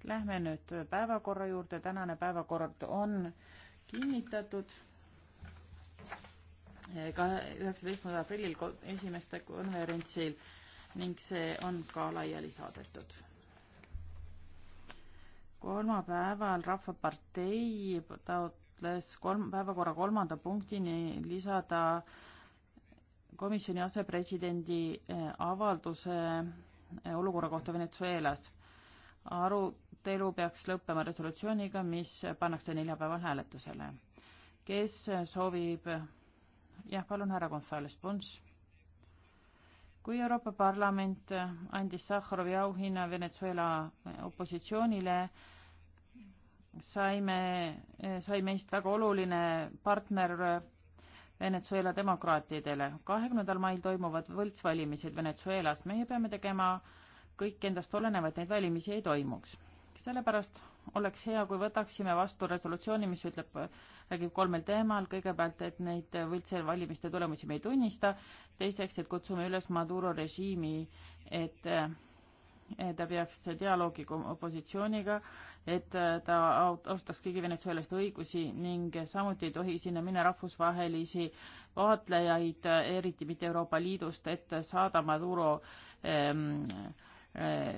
Lähme nüüd päevakorra juurde, tänane päevakord on kinnitatud ka üheksateistkümnendal aprillil esimeste konverentsil ning see on ka laiali saadetud. kolmapäeval Rahvapartei taotles kolm, päevakorra kolmanda punktini lisada komisjoni asepresidendi eh, avalduse olukorra kohta Venezuelas. arutelu peaks lõppema resolutsiooniga, mis pannakse neljapäeval hääletusele. kes soovib, jah, palun, härra Gonzales Pons. kui Euroopa Parlament andis Sahharovi auhinna Venezuela opositsioonile, saime, sai meist väga oluline partner Venezuela demokraatidele. kahekümnendal mail toimuvad võltsvalimised Venezuelas. meie peame tegema kõik endast olenevat, et neid valimisi ei toimuks. sellepärast oleks hea, kui võtaksime vastu resolutsiooni, mis ütleb, räägib kolmel teemal. kõigepealt, et neid võltse valimiste tulemusi me ei tunnista. teiseks, et kutsume üles Maduro režiimi, et ta peaks dialoogi opositsiooniga äh, et äh, ta austaks kõigi venezuelaste õigusi ning samuti ei tohi sinna minna rahvusvahelisi vaatlejaid, äh, eriti mitte Euroopa Liidust, et saada Maduro ähm, äh,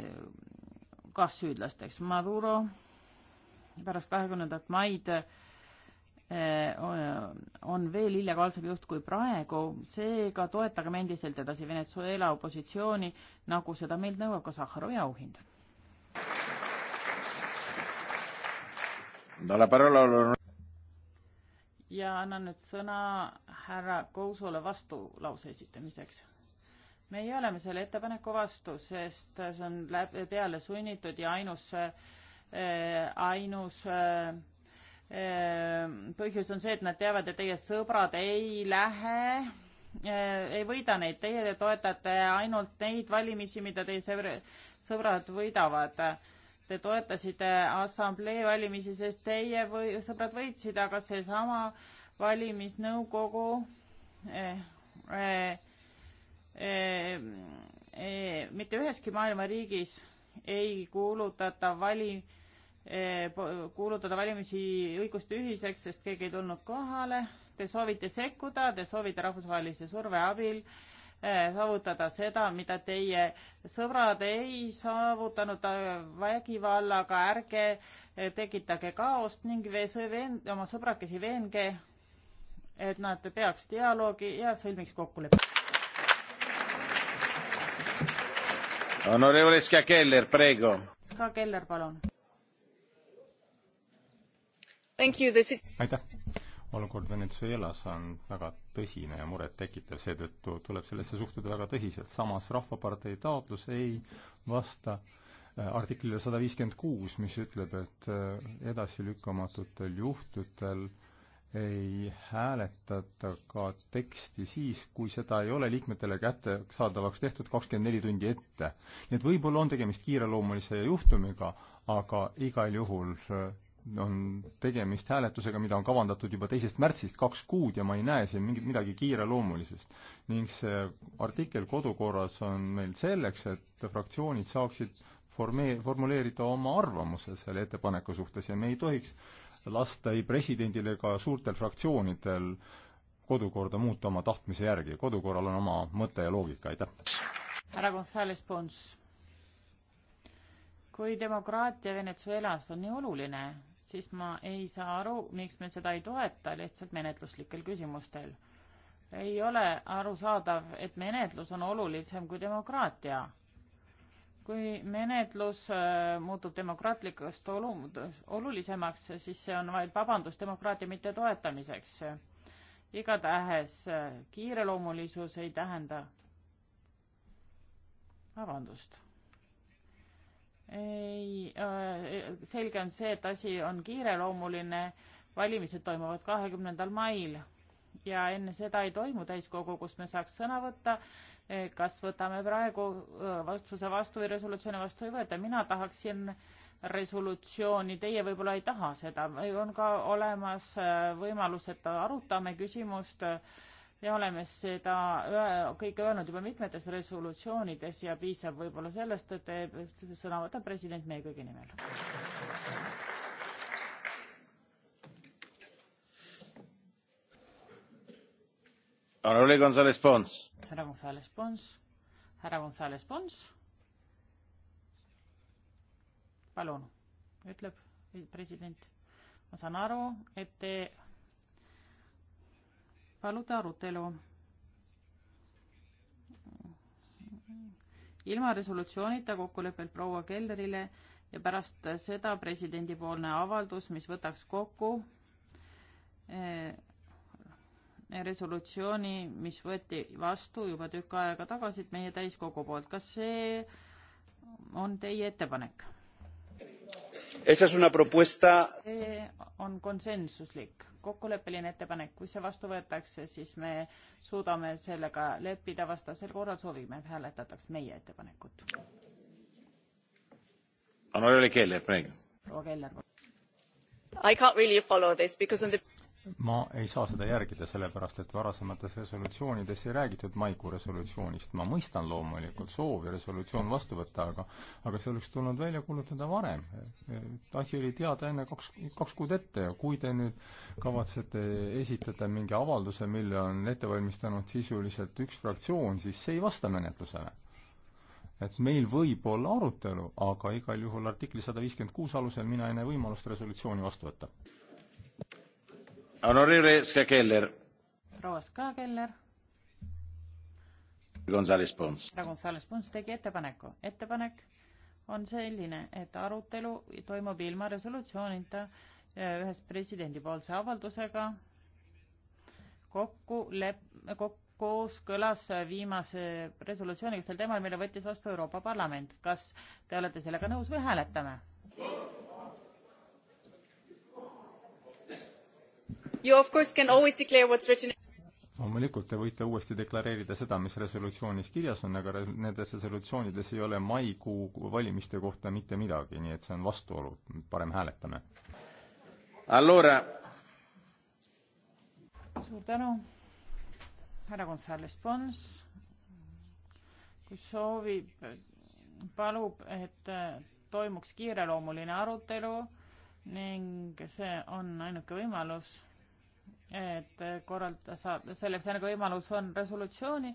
kaassüüdlasteks. Maduro pärast kahekümnendat maid äh, on veel illegaalsem juht kui praegu, seega toetagem endiselt edasi Venezuela opositsiooni, nagu seda meilt nõuab ka Sahharovi auhind ja annan nüüd sõna härra Kousule vastulause esitamiseks. meie oleme selle ettepaneku vastu, sest see on läbi, peale sunnitud ja ainus äh,, ainus äh, põhjus on see, et nad teavad, et teie sõbrad ei lähe äh,, ei võida neid, teie toetate ainult neid valimisi, mida teie sõbrad võidavad Te toetasite assamblee valimisi, sest teie või sõbrad võitsid, aga seesama valimisnõukogu eh, eh, eh, eh, mitte üheski maailma riigis ei kuulutata vali- eh,, kuulutada valimisi õiguste tühiseks, sest keegi ei tulnud kohale. Te soovite sekkuda, te soovite rahvusvahelise surve abil eh, saavutada seda, mida teie sõbrad ei saavutanud äh, vägivallaga, ärge äh, tekitage kaost ning veen-, oma sõbrakesi veenge, et nad peaks dialoogi ja sõlmiks kokkuleppe. Honorevole Skakeller, prego. Skakeller, palun. aitäh olukord Venezuelas on väga tõsine ja murettekitav, seetõttu tuleb sellesse suhtuda väga tõsiselt. samas Rahvapartei taotlus ei vasta äh, artiklile sada viiskümmend kuus, mis ütleb, et äh, edasilükkamatutel juhtudel ei hääletata ka teksti siis, kui seda ei ole liikmetele kättesaadavaks tehtud kakskümmend neli tundi ette. nii et võib-olla on tegemist kiireloomulise juhtumiga, aga igal juhul äh, on tegemist hääletusega, mida on kavandatud juba teisest märtsist kaks kuud ja ma ei näe siin mingit midagi kiireloomulisust. ning see artikkel kodukorras on meil selleks, et fraktsioonid saaksid formee-, formuleerida oma arvamuse selle ettepaneku suhtes ja me ei tohiks lasta ei presidendil ega suurtel fraktsioonidel kodukorda muuta oma tahtmise järgi. kodukorral on oma mõte ja loogika, aitäh! härra Gonzales Pons kui demokraatia Venezuelas on nii oluline, siis ma ei saa aru, miks me seda ei toeta lihtsalt menetluslikel küsimustel. ei ole arusaadav, et menetlus on olulisem kui demokraatia. kui menetlus äh, muutub demokraatlikust olu-, olulisemaks, siis see on vaid vabandus demokraatia mittetoetamiseks. igatahes äh, kiireloomulisus ei tähenda vabandust ei, äh, selge on see, et asi on kiireloomuline, valimised toimuvad kahekümnendal mail ja enne seda ei toimu täiskogu, kus me saaks sõna võtta. Eh, kas võtame praegu otsuse äh, vastu või resolutsiooni vastu ei võeta, mina tahaksin resolutsiooni, teie võib-olla ei taha seda, on ka olemas äh, võimalus, et arutame küsimust äh, ja oleme seda kõike öelnud juba mitmetes resolutsioonides ja piisab võib-olla sellest, et sõna võtab president meie kõigi nimel. härra Gonzalez Pons. härra Gonzalez Pons, härra Gonzalez Pons. palun, ütleb president. ma saan aru, et te paluda arutelu. ilma resolutsioonita kokkuleppel proua Kelderile ja pärast seda presidendipoolne avaldus, mis võtaks kokku eh, resolutsiooni, mis võeti vastu juba tükk aega tagasi meie täiskogu poolt. kas see on teie ettepanek? Esa es una propuesta. see on konsensuslik, kokkuleppeline ettepanek, kui see vastu võetakse, siis me suudame sellega leppida, vastasel korral soovime, et hääletataks meie ettepanekut. proua Keller, palun. I can't really follow this because on the ma ei saa seda järgida, sellepärast et varasemates resolutsioonides ei räägitud maikuu resolutsioonist. ma mõistan loomulikult soovi resolutsioon vastu võtta, aga aga see oleks tulnud välja kuulutada varem. asi oli teada enne kaks, kaks kuud ette ja kui te nüüd kavatsete esitada mingi avalduse, mille on ette valmistanud sisuliselt üks fraktsioon, siis see ei vasta menetlusele. et meil võib olla arutelu, aga igal juhul artikli sada viiskümmend kuus alusel mina ei näe võimalust resolutsiooni vastu võtta Honorevole Skakeller. proua Skakeller. Gonzales Pons. härra Gonzales Pons tegi ettepaneku. ettepanek on selline, et arutelu toimub ilma resolutsioonita ühes presidendipoolse avaldusega kokku lep-, kok-, kooskõlas viimase resolutsiooniga sel teemal, mille võttis vastu Euroopa Parlament. kas te olete sellega nõus või hääletame? You of course can always declare what's written loomulikult te võite uuesti deklareerida seda, mis resolutsioonis kirjas on, aga nendes resolutsioonides ei ole maikuu valimiste kohta mitte midagi, nii et see on vastuolu, parem hääletame. Allora. suur tänu, härra Gonzales Pons. kui soovib, palub, et eh, toimuks kiireloomuline arutelu ning see on ainuke võimalus et korraldada saada, selleks ainult võimalus on resolutsiooni,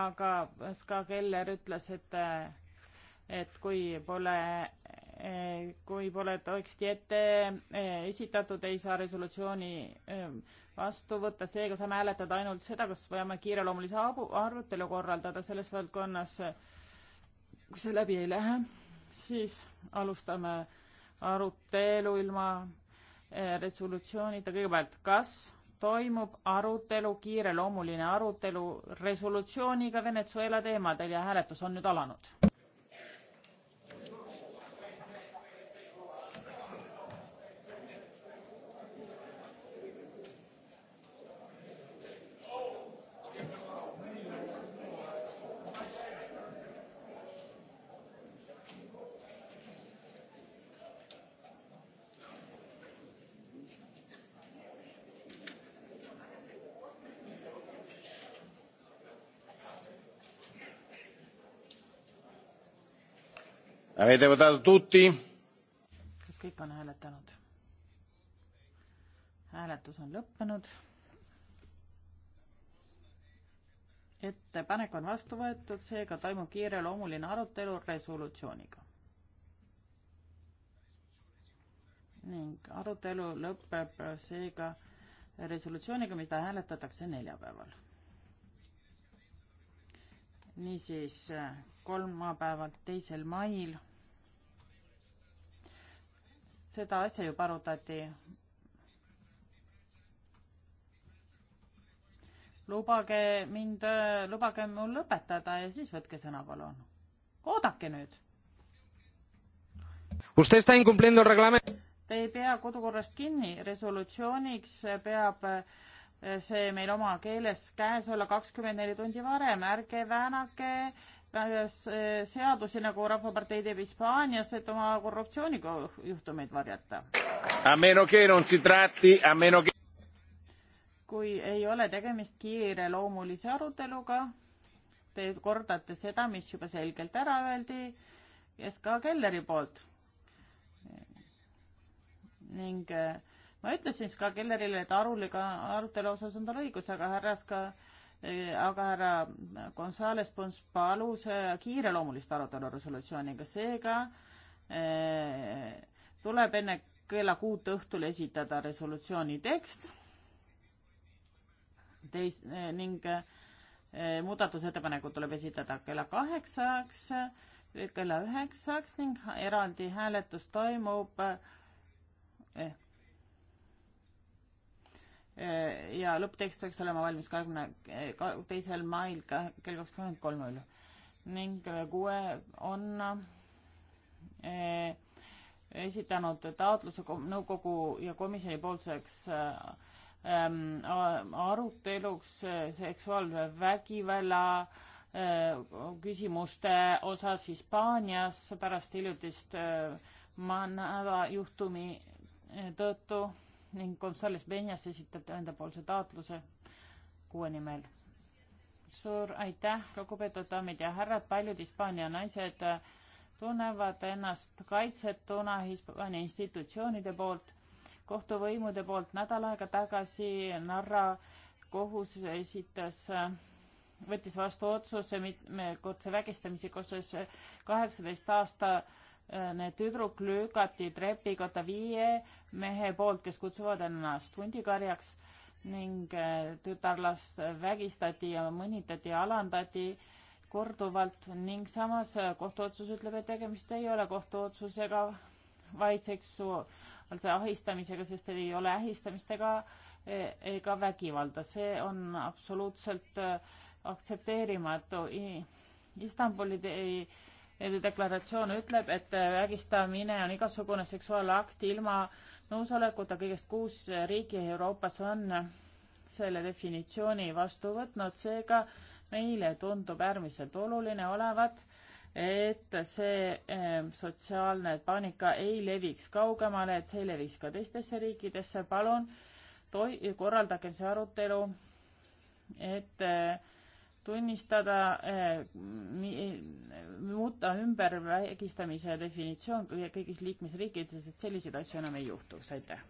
aga Ska Keller ütles, et et kui pole, kui pole teksti ette e, esitatud, ei saa resolutsiooni e, vastu võtta, seega saame hääletada ainult seda, kas vajame kiireloomulise arutelu korraldada selles valdkonnas. kui see läbi ei lähe, siis alustame arutelu ilma Eh, resolutsioonide, kõigepealt, kas toimub arutelu, kiireloomuline arutelu resolutsiooniga Venezuela teemadel ja hääletus on nüüd alanud Avete votato tutti? kas kõik on hääletanud? hääletus on lõppenud. ettepanek on vastu võetud, seega toimub kiireloomuline arutelu resolutsiooniga. ning arutelu lõpeb seega resolutsiooniga, mida hääletatakse neljapäeval. niisiis kolmapäeval, teisel mail seda asja juba arutati. lubage mind, lubage mul lõpetada ja siis võtke sõna, palun. oodake nüüd. Te ei pea kodukorrast kinni, resolutsiooniks peab eh, see meil oma keeles käes olla kakskümmend neli tundi varem, ärge väänake äh, Äh, seadusi, nagu Rahvapartei teeb Hispaanias, et oma korruptsioonijuhtumeid varjata. kui ei ole tegemist kiireloomulise aruteluga, te kordate seda, mis juba selgelt ära öeldi SK Kelleri poolt. ning äh, ma ütlesin SK Kellerile, et aruliga, arutelu osas on tal õigus, aga härra SK aga härra Gonzales Pons palus äh, kiireloomulist arutelu resolutsiooniga, seega äh, tuleb enne kella kuut õhtul esitada resolutsiooni tekst teis- äh, ning muudatusettepanekud tuleb esitada kella kaheksaks, kella üheksaks ning eraldi hääletus toimub ehk ja lõpptekst peaks olema valmis kahekümne teisel mail ka kell kakskümmend kolm null ning äh, kuue on äh, esitanud taotluse nõukogu ja komisjoni poolseks äh, ähm, aruteluks seksuaalvägivalla küsimuste osas Hispaanias pärast hiljutist Manada juhtumi tõttu ning Gonzales Benjas esitab endapoolse taotluse kuue nimel. suur aitäh, lugupeetud daamid ja härrad, paljud Hispaania naised tunnevad ennast kaitsetuna Hispaania institutsioonide poolt, kohtuvõimude poolt. nädal aega tagasi Narra kohus esitas võttis vastu otsuse mitmekordse vägistamise kohta kaheksateist aasta Äh, need tüdruk lükati trepikotta viie mehe poolt, kes kutsuvad ennast hundikarjaks ning äh, tütarlast vägistati ja mõnitati ja alandati korduvalt ning samas äh, kohtuotsus ütleb, et tegemist ei ole kohtuotsusega, vaid seksuaalse ahistamisega, sest ei ole ähistamist ega, ega vägivalda. see on absoluutselt aktsepteerimatu. Istanbuli ei, deklaratsioon ütleb, et vägistamine on igasugune seksuaalne akt ilma nõusolekuta, kõigest kuus riiki Euroopas on selle definitsiooni vastu võtnud, seega meile tundub äärmiselt oluline olevat, et see eh, sotsiaalne paanika ei leviks kaugemale, et see ei leviks ka teistesse riikidesse, palun toi-, korraldagem see arutelu, et äh, tunnistada eh,, muuta ümber vägistamise definitsioon kõigis liikmesriikides, et selliseid asju enam ei juhtuks, aitäh.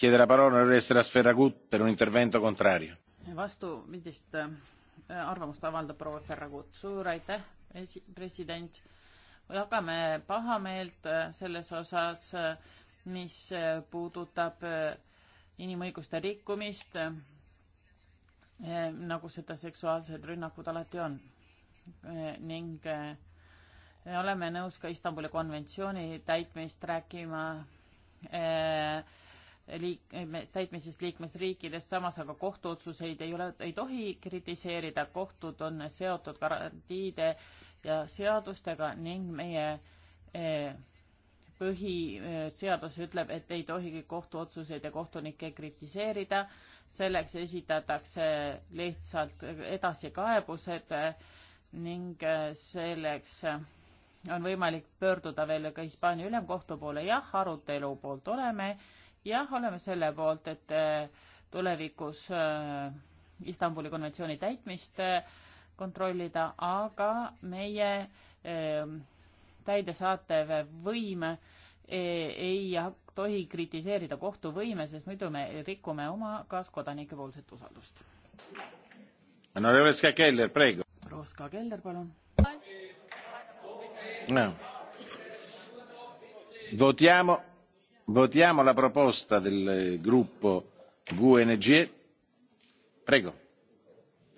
chiede la parola l'onorevole Estras Ferragut per un intervento contrario. vastu, millist eh, arvamust avaldab proua Ferragut? suur aitäh, president. jagame pahameelt eh, selles osas eh, mis puudutab äh, inimõiguste rikkumist, äh, nagu seda seksuaalsed rünnakud alati on. Äh, ning me oleme nõus ka Istanbuli konventsiooni täitmist rääkima liik-, täitmisest liikmesriikides, samas aga kohtuotsuseid ei ole, ei tohi kritiseerida, kohtud on seotud garantiide ja seadustega ning meie eh, põhiseadus ütleb, et ei tohigi kohtuotsuseid ja kohtunikke kritiseerida, selleks esitatakse lihtsalt edasikaebused ning selleks on võimalik pöörduda veel ka Hispaania ülemkohtu poole, jah, arutelu poolt oleme, jah, oleme selle poolt, et äh, tulevikus äh, Istanbuli konventsiooni täitmist äh, kontrollida, aga meie täidesaatev võim e, ei tohi kritiseerida kohtuvõime, sest muidu me rikume oma kaaskodanike poolset usaldust. Roska Keller, palun no.. Votiamo, votiamo la proposta del gruppo GUE NGE. Prego.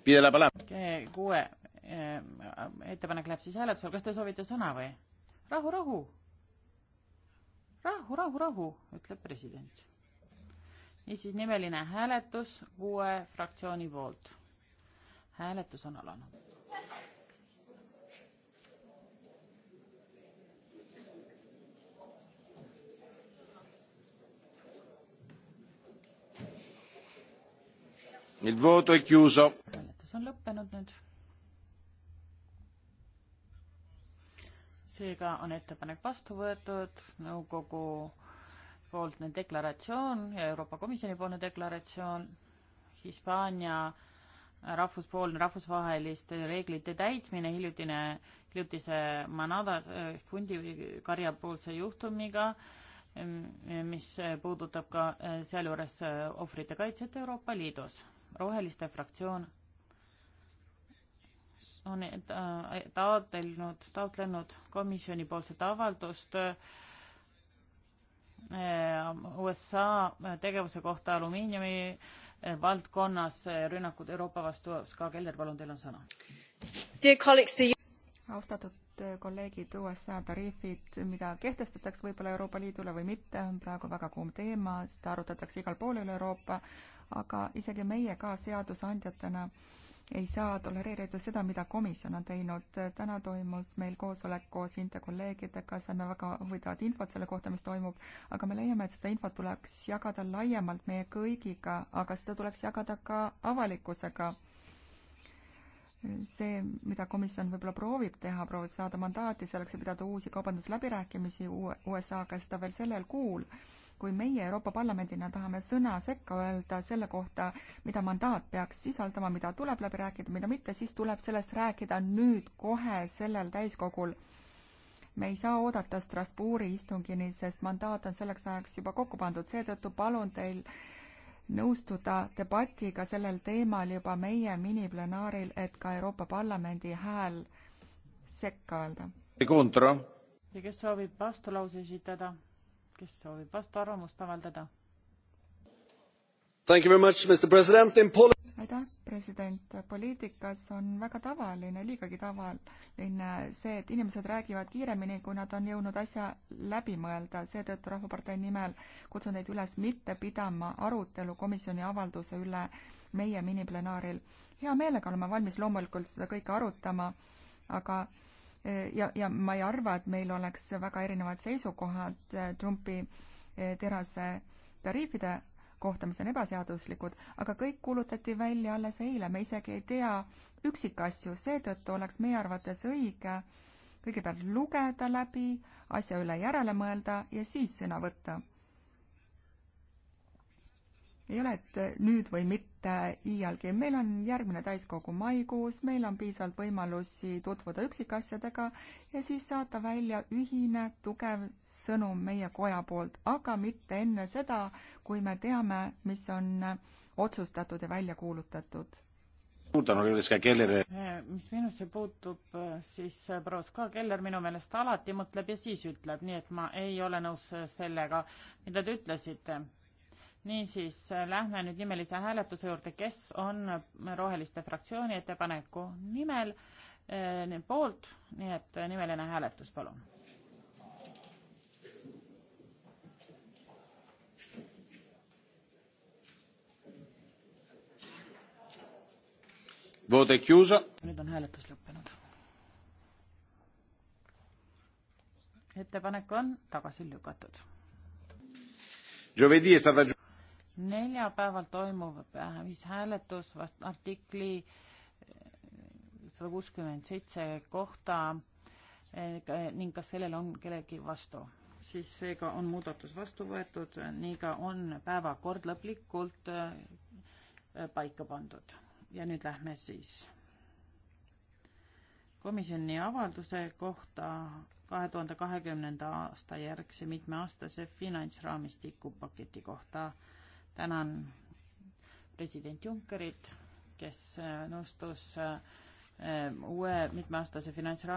Pide la palabra. GUE ehm, ettepanek läheb siis hääletusele, kas te soovite sõna või? rahu, rahu. rahu, rahu, rahu, ütleb president. niisiis nimeline hääletus kuue fraktsiooni poolt. hääletus on alanud. Il voto è chiuso. Hääletus on lõppenud nüüd seega on ettepanek vastu võetud, nõukogu pooltne deklaratsioon ja Euroopa Komisjoni poolne deklaratsioon, Hispaania rahvuspoolne rahvusvaheliste reeglite täitmine hiljutine, hiljutise Manada ehk hundikarja poolse juhtumiga, mm, mis puudutab ka eh, sealjuures eh, ohvrite kaitset Euroopa Liidus. roheliste fraktsioon on taotlenud, taotlenud komisjonipoolset avaldust eh, USA tegevuse kohta alumiiniumi eh, valdkonnas eh, rünnakud Euroopa vastu. Ska Keller, palun, teil on sõna. austatud kolleegid, USA tariifid, mida kehtestatakse võib-olla Euroopa Liidule või mitte, on praegu väga kuum teema, seda arutatakse igal pool üle Euroopa, aga isegi meie ka seadusandjatena äh, ei saa tolereerida seda, mida komisjon on teinud. täna toimus meil koosolek koos Inte kolleegidega, saime väga huvitavat infot selle kohta, mis toimub, aga me leiame, et seda infot tuleks jagada laiemalt meie kõigiga, aga seda tuleks jagada ka avalikkusega. see, mida komisjon võib-olla proovib teha, proovib saada mandaati selleks, et pidada uusi kaubandusläbirääkimisi USA-ga, seda veel sellel kuul kui meie Euroopa Parlamendina tahame sõna sekka öelda selle kohta, mida mandaat peaks sisaldama, mida tuleb läbi rääkida, mida mitte, siis tuleb sellest rääkida nüüd kohe sellel täiskogul. me ei saa oodata Strasbourgi istungini, sest mandaat on selleks ajaks juba kokku pandud, seetõttu palun teil nõustuda debatiga sellel teemal juba meie miniplenaaril, et ka Euroopa Parlamendi hääl sekka öelda. ja kes soovib vastulause esitada? kes soovib vastuarvamust avaldada? aitäh, president. poliitikas on väga tavaline, liigagi tavaline see, et inimesed räägivad kiiremini, kui nad on jõudnud asja läbi mõelda. seetõttu Rahvapartei nimel kutsun teid üles mitte pidama arutelu komisjoni avalduse üle meie miniplenaaril. hea meelega oleme valmis loomulikult seda kõike arutama, aga ja, ja ma ei arva, et meil oleks väga erinevad seisukohad eh, Trumpi eh, terase tariifide kohta, mis on ebaseaduslikud, aga kõik kuulutati välja alles eile, me isegi ei tea üksikasju, seetõttu oleks meie arvates õige kõigepealt lugeda läbi, asja üle järele mõelda ja siis sõna võtta ei ole, et äh, nüüd või mitte iialgi. meil on järgmine täiskogu maikuus, meil on piisavalt võimalusi tutvuda üksikasjadega ja siis saata välja ühine tugev sõnum meie koja poolt, aga mitte enne seda, kui me teame, mis on otsustatud ja välja kuulutatud. Äh, mis minusse puutub, äh, siis proua Ska Keller minu meelest alati mõtleb ja siis ütleb, nii et ma ei ole nõus sellega, mida te ütlesite niisiis, lähme nüüd nimelise hääletuse juurde, kes on Roheliste fraktsiooni ettepaneku nimel eh, poolt, nii et nimeline hääletus, palun. nüüd on hääletus lõppenud. ettepanek on tagasi lükatud. Giovedì è stata neljapäeval toimub äh, hääletus artikli äh, sada kuuskümmend seitse kohta äh, ning kas sellel on kellelgi vastu, siis seega on muudatus vastu võetud, nii ka on päevakord lõplikult paika pandud. ja nüüd lähme siis komisjoni avalduse kohta kahe tuhande kahekümnenda aasta järgse mitmeaastase finantsraamistiku paketi kohta tänan president Junckerit, kes äh, nõustus äh, äh, uue mitmeaastase finantsraamistiku